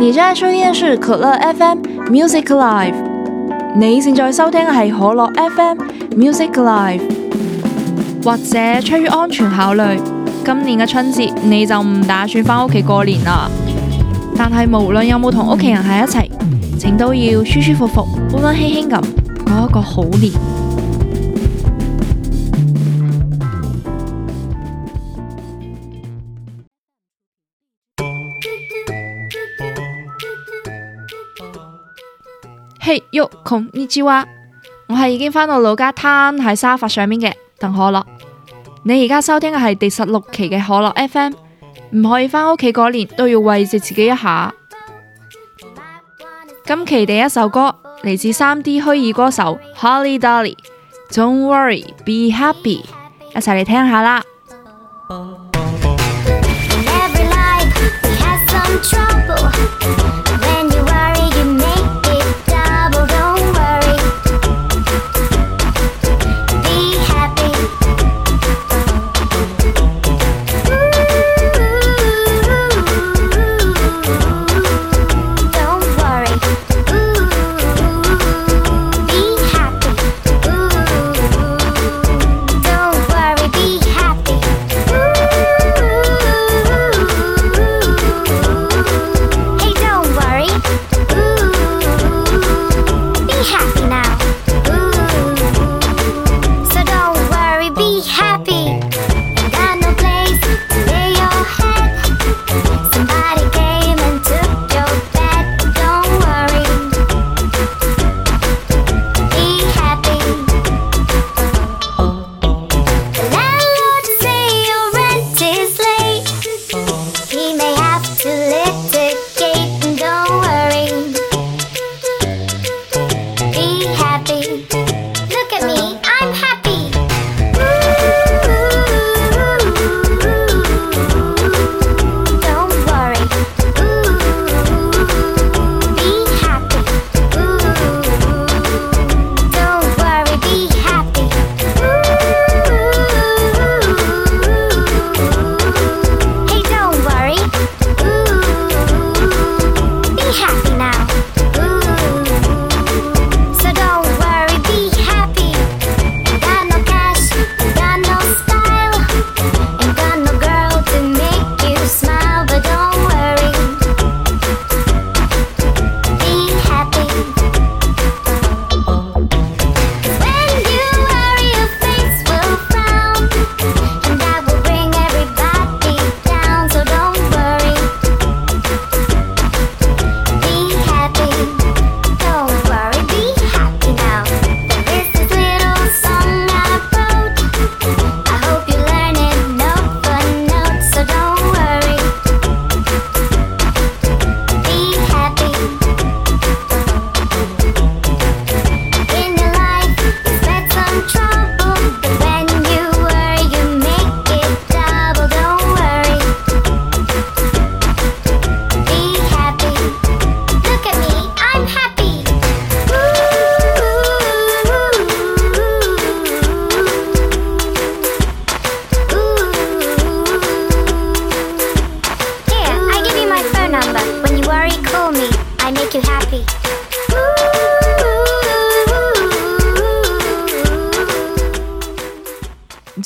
你現在在收聽的是可樂 FM Music Live，你現在收聽是可樂 FM Music Live。或者出於安全考慮，今年的春節你就不打算回家過年了。但是無論有冇同屋企人在一起，請都要舒舒服服、温温馨馨咁過一個好年。嘿，喲，Konnichiwa！我係已經翻到老家攤喺沙發上面嘅鄧可樂。你而家收聽嘅係第十六期嘅可樂 FM。唔可以翻屋企過年，都要慰藉自己一下。今期第一首歌嚟自三 D 虛擬歌手 Holly Dolly，Don't worry, be happy，一齊嚟聽下啦。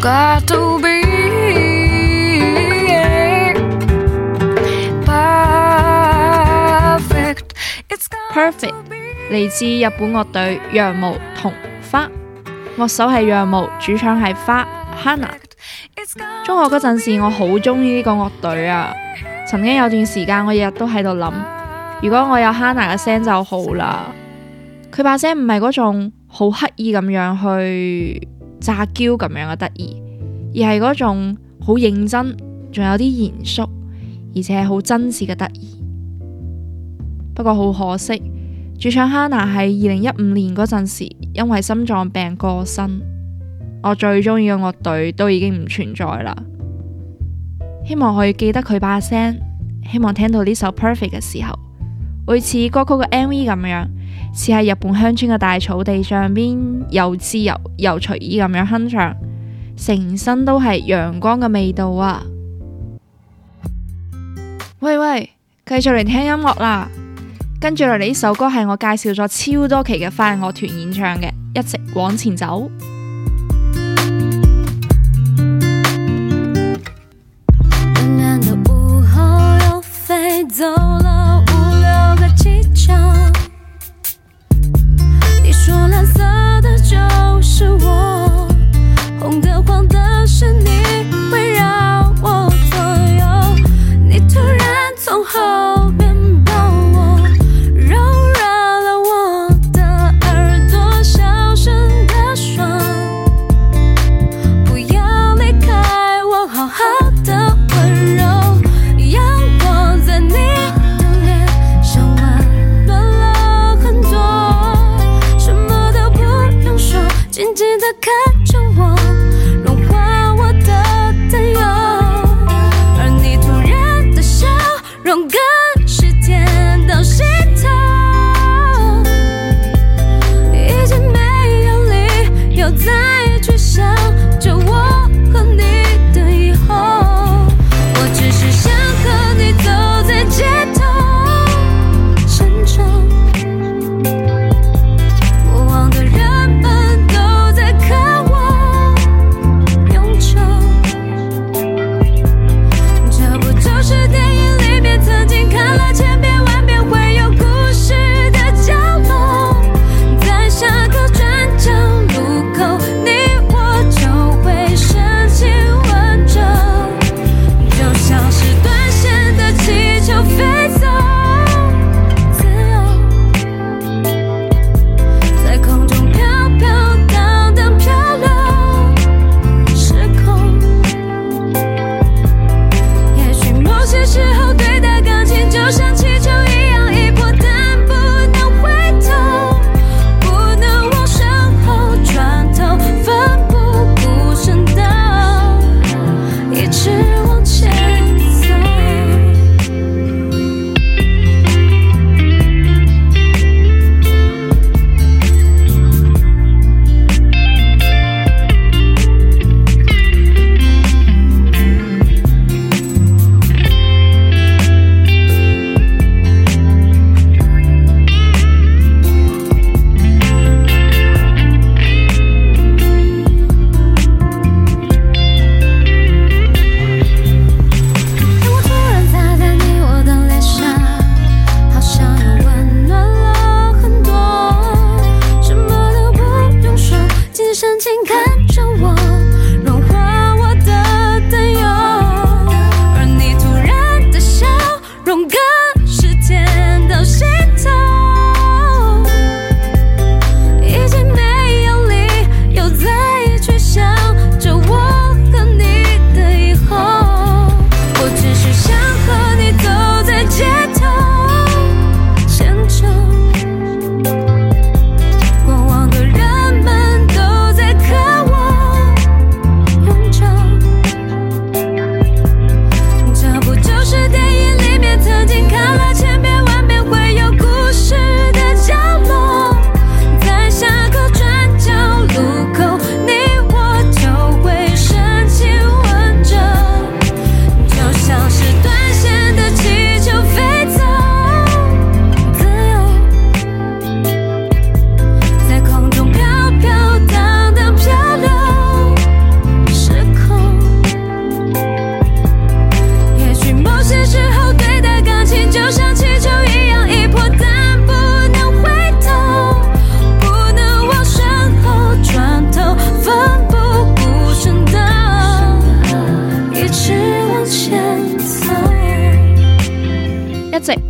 To be perfect，嚟自日本樂隊羊毛同花，樂手係羊毛，主唱係花 Hana。中學嗰陣時，我好中意呢個樂隊啊！曾經有段時間，我日日都喺度諗，如果我有 Hana 嘅聲就好啦。佢把聲唔係嗰種好刻意咁樣去。撒嬌咁樣嘅得意，而係嗰種好認真，仲有啲嚴肅，而且好真摯嘅得意。不過好可惜，主唱 Hana 喺二零一五年嗰陣時，因為心臟病過身。我最中意嘅樂隊都已經唔存在啦。希望可以記得佢把聲，希望聽到呢首 Perfect 嘅時候，會似歌曲嘅 MV 咁樣。似喺日本鄉村嘅大草地上邊，又自由又隨意咁樣哼唱，成身都係陽光嘅味道啊！喂喂，繼續嚟聽音樂啦！跟住嚟呢首歌係我介紹咗超多期嘅 Fine 樂團演唱嘅，一直往前走。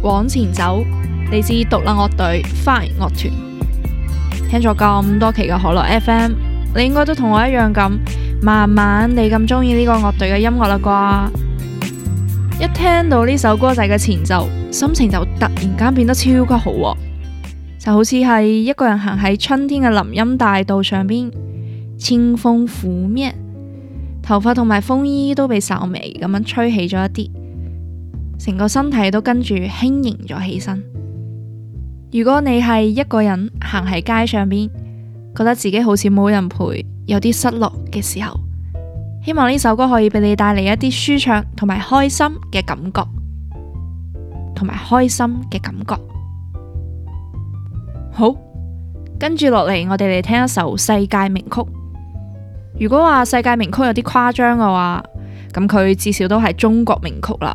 往前走，嚟自獨立樂隊 Fine 樂團，聽咗咁多期嘅可樂 FM，你應該都同我一樣咁，慢慢地咁中意呢個樂隊嘅音樂啦啩。一聽到呢首歌仔嘅前奏，心情就突然間變得超級好，哦，就好似係一個人行喺春天嘅林蔭大道上邊，清風拂面，頭髮同埋風衣都被稍微咁樣吹起咗一啲。成個身體都跟住輕盈咗起身。如果你係一個人行喺街上邊，覺得自己好似冇人陪，有啲失落嘅時候，希望呢首歌可以俾你帶嚟一啲舒暢同埋開心嘅感覺，同埋開心嘅感覺。好，跟住落嚟，我哋嚟聽一首世界名曲。如果話世界名曲有啲誇張嘅話，咁佢至少都係中國名曲啦。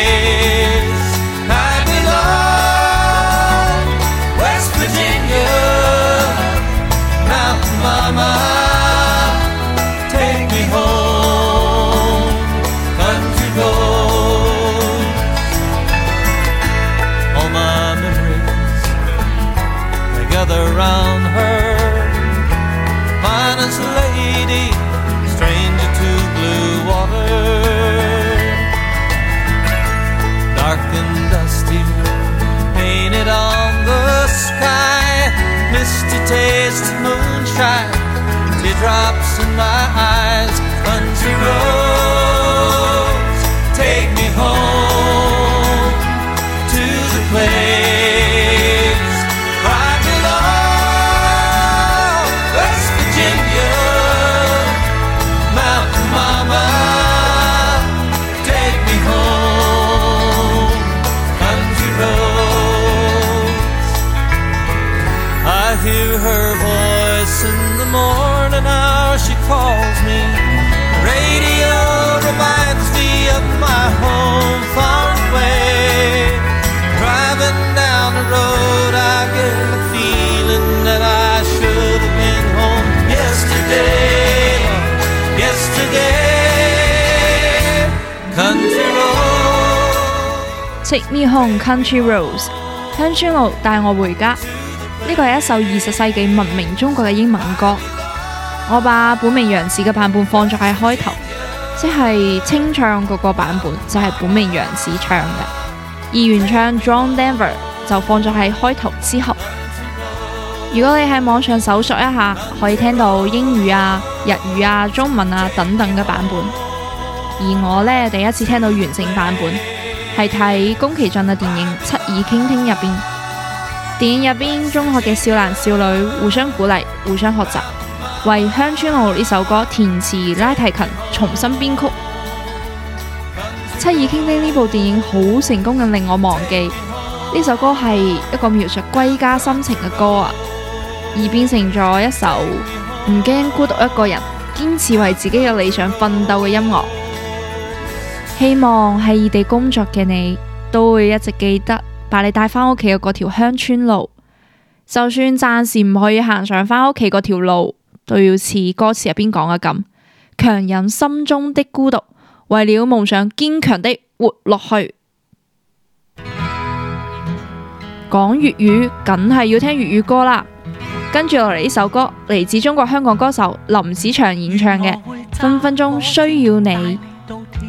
Take Me Home, Country Roads 鄉村路帶我回家。呢個係一首二十世紀聞名中國嘅英文歌。我把本名楊子嘅版本放咗喺開頭，即係清唱嗰個版本，就係、是、本名楊子唱嘅。而原唱 John Denver 就放咗喺開頭之後。如果你喺網上搜索一下，可以聽到英語啊、日語啊、中文啊等等嘅版本。而我呢，第一次聽到完整版本。是睇宮崎駿嘅電影《七耳傾聽》入邊，電影入面，中學嘅少男少女互相鼓勵、互相學習，為《鄉村路》呢首歌填詞、拉提琴、重新編曲，《七耳傾聽》呢部電影好成功的令我忘記呢首歌是一個描述歸家心情嘅歌啊，而變成咗一首唔怕孤獨一個人、堅持為自己嘅理想奮鬥嘅音樂。希望喺異地工作嘅你都會一直記得，把你帶返屋企嘅嗰條鄉村路。就算暫時唔可以行上返屋企嗰條路，都要似歌詞入邊講嘅咁，強忍心中的孤獨，為了夢想堅強地活落去。講粵語，梗係要聽粵語歌啦。跟住落嚟呢首歌嚟自中國香港歌手林子祥演唱嘅《分分鐘需要你》。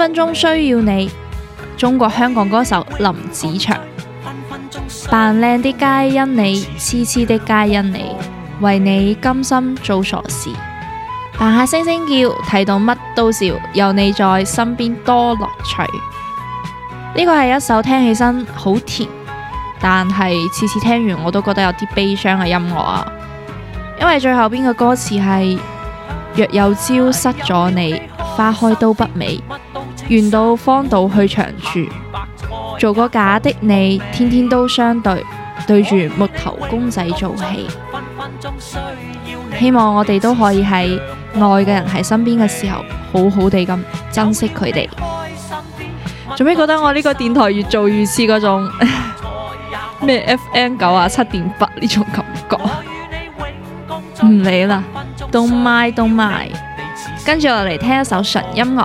分鐘需要你，中國香港歌手林子祥。扮靚啲皆因你，痴痴的皆因你，為你甘心做傻事。扮下猩猩叫，睇到乜都笑，有你在身邊多樂趣。呢、這個係一首聽起身好甜，但係次次聽完我都覺得有啲悲傷嘅音樂啊。因為最後邊嘅歌詞係：若有朝失咗你，花開都不美。願到荒島去長住，做個假的你，天天都相對，對住木頭公仔做戲。希望我哋都可以喺愛嘅人喺身邊嘅時候，好好地咁珍惜佢哋。做咩覺得我呢個電台越做越似嗰種咩 FM 九啊七點八呢種感覺？唔理啦，Don't mind，Don't mind。跟住落嚟聽一首純音樂。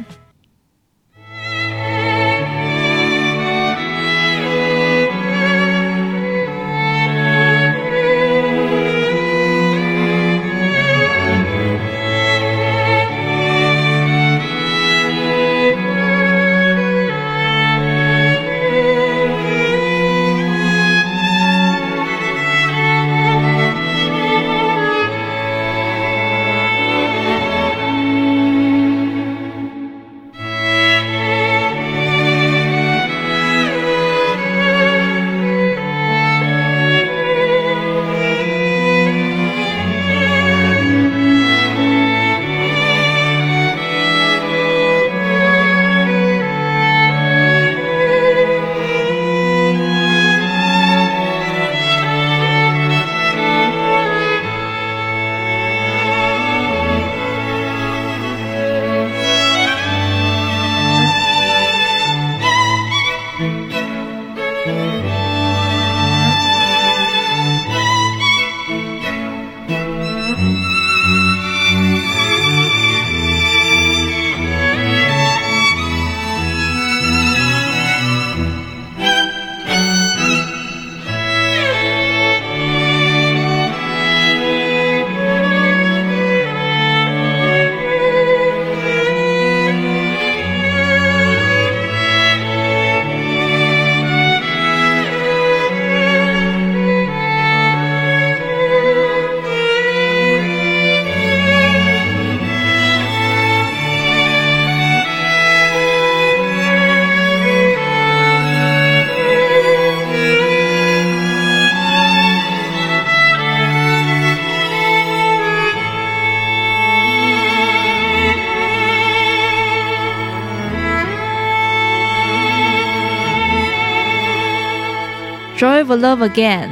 《Love Again》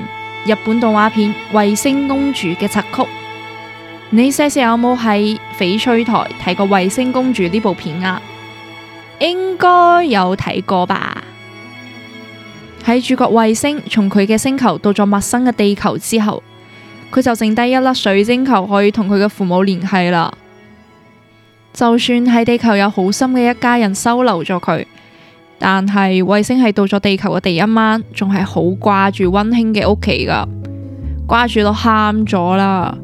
日本動畫片《彗星公主》嘅插曲。你細時有冇喺翡翠台睇過《彗星公主》呢部片啊？應該有睇過吧？喺主角彗星從佢嘅星球到咗陌生嘅地球之後，佢就剩低一粒水晶球可以同佢嘅父母聯繫啦。就算喺地球有好心嘅一家人收留咗佢。但係衛星係到咗地球嘅第一晚，仲係好掛住溫馨嘅屋企噶，掛住到喊咗啦。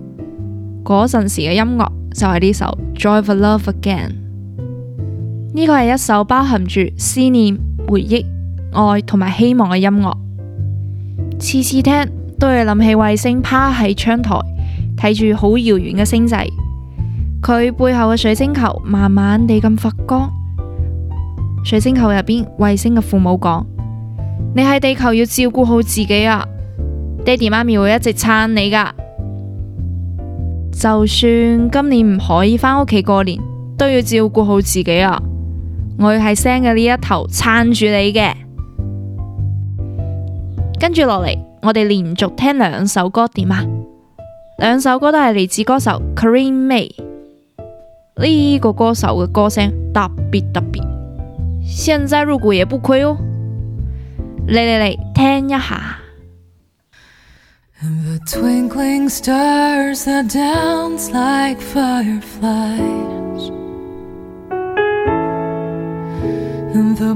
嗰陣時嘅音樂就係、是、呢首《Joy of Love, again》。呢個係一首包含住思念、回憶、愛同埋希望嘅音樂。次次聽都係諗起衛星趴喺窗台，睇住好遙遠嘅星際，佢背後嘅水晶球慢慢地咁發光。水晶球入邊，彗星嘅父母講：你喺地球要照顧好自己啊，爹哋媽咪會一直撐你噶。就算今年唔可以翻屋企過年，都要照顧好自己啊。我要喺聲嘅呢一頭撐住你嘅。跟住落嚟，我哋連續聽兩首歌，點啊？兩首歌都係嚟自歌手 Corrinne May 呢、這個歌手嘅歌聲，特別特別。現在入股也不虧哦，來來來，聽一下。And the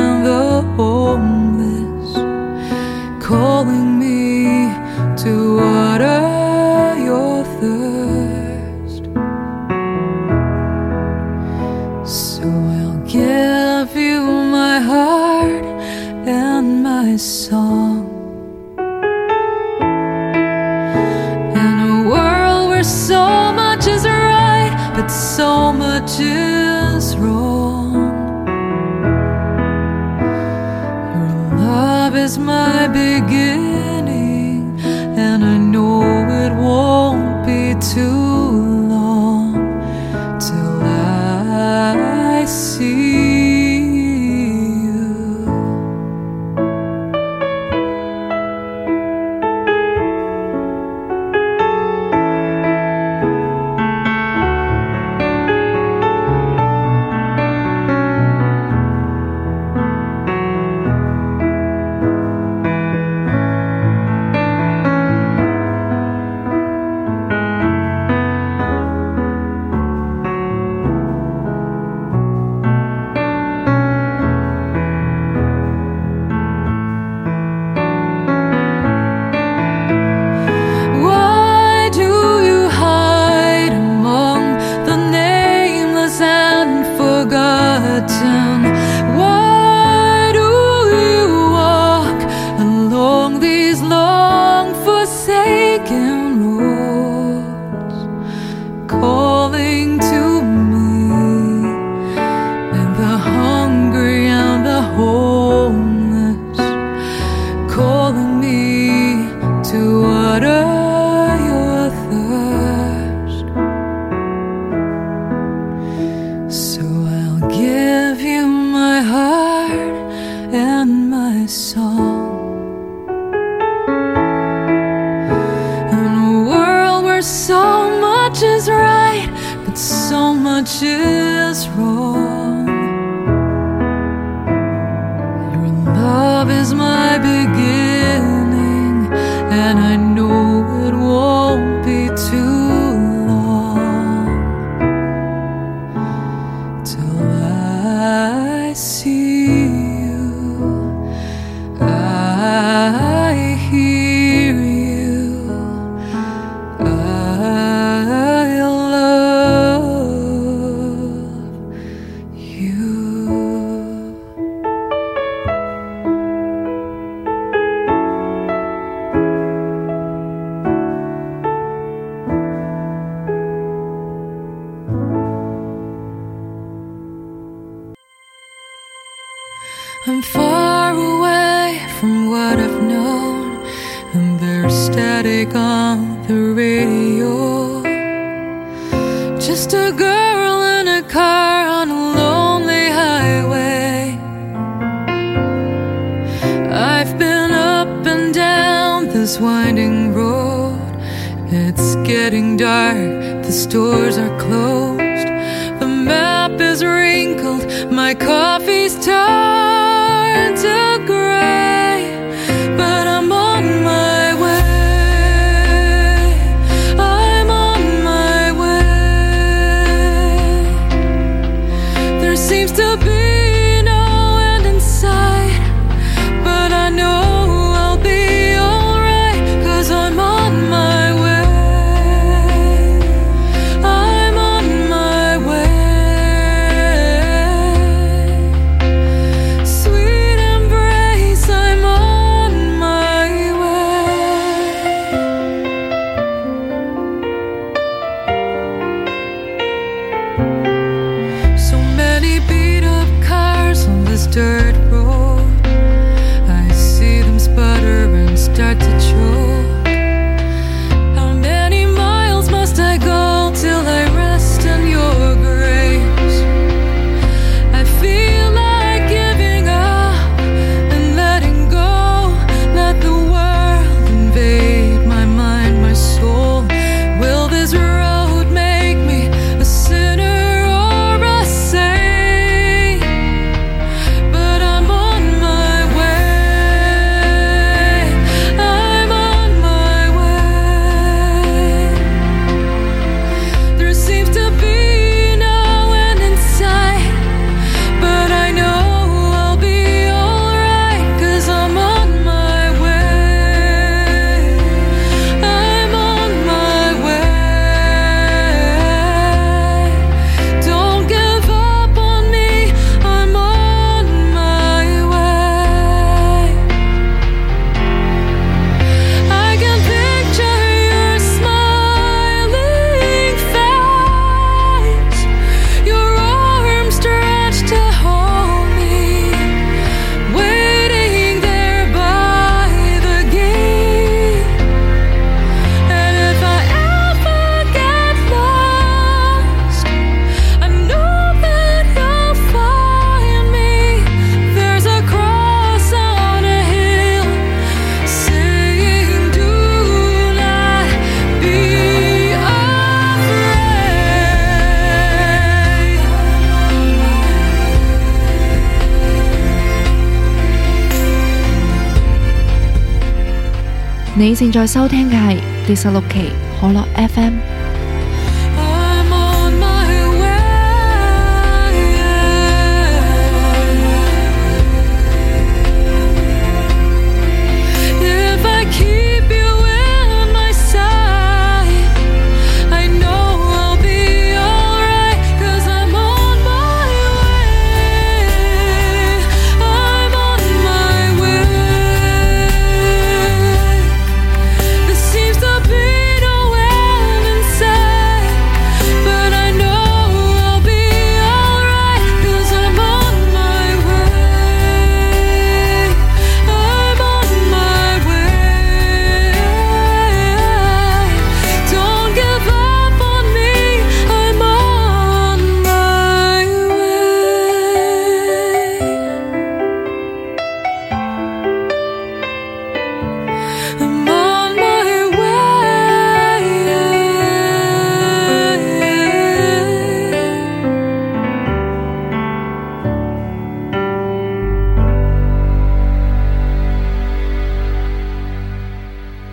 現在收聽嘅係第十六期可樂 FM。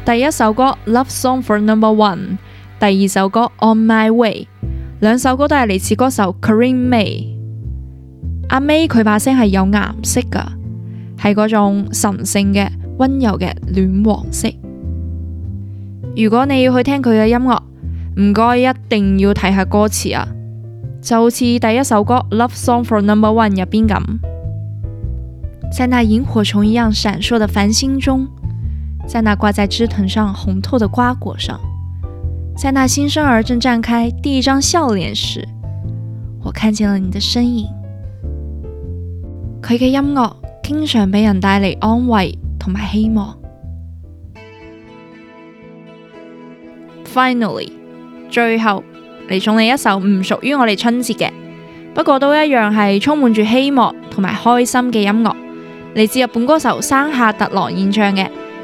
第一首歌《Love Song for Number One》，第二首歌《On My Way》，兩首歌都係嚟自歌手 Corrinne May。阿 May 佢把聲係有顏色噶，係嗰種神聖嘅溫柔嘅暖黃色。如果你要去聽佢嘅音樂，唔該一定要睇下歌詞啊，就好似第一首歌《Love Song for Number One》入邊咁，在那螢火蟲一樣閃爍的繁星中。在那掛在枝藤上紅透的瓜果上，在那新生兒正綻開第一張笑臉時，我看見了你的身影。佢嘅音樂經常俾人帶嚟安慰同埋希望。Finally，最後嚟送你一首唔屬於我哋春節嘅，不過都一樣係充滿住希望同埋開心嘅音樂，嚟自日本歌手山下達郎演唱嘅。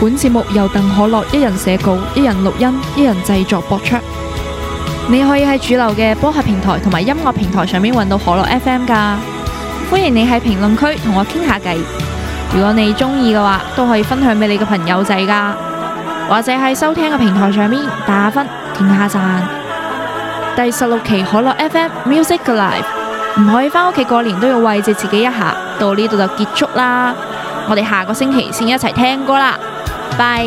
本節目由鄧可樂一人寫稿、一人錄音、一人製作播出。你可以喺主流嘅播客平台同埋音樂平台上面搵到可樂 FM 㗎。歡迎你喺評論區同我傾下偈。如果你中意嘅話，都可以分享俾你嘅朋友仔㗎。或者喺收聽嘅平台上面打下分，點下讚。第十六期可樂 FM Music Live，唔可以翻屋企過年都要慰藉自己一下。到呢度就結束啦，我哋下個星期先一齊聽歌啦，拜。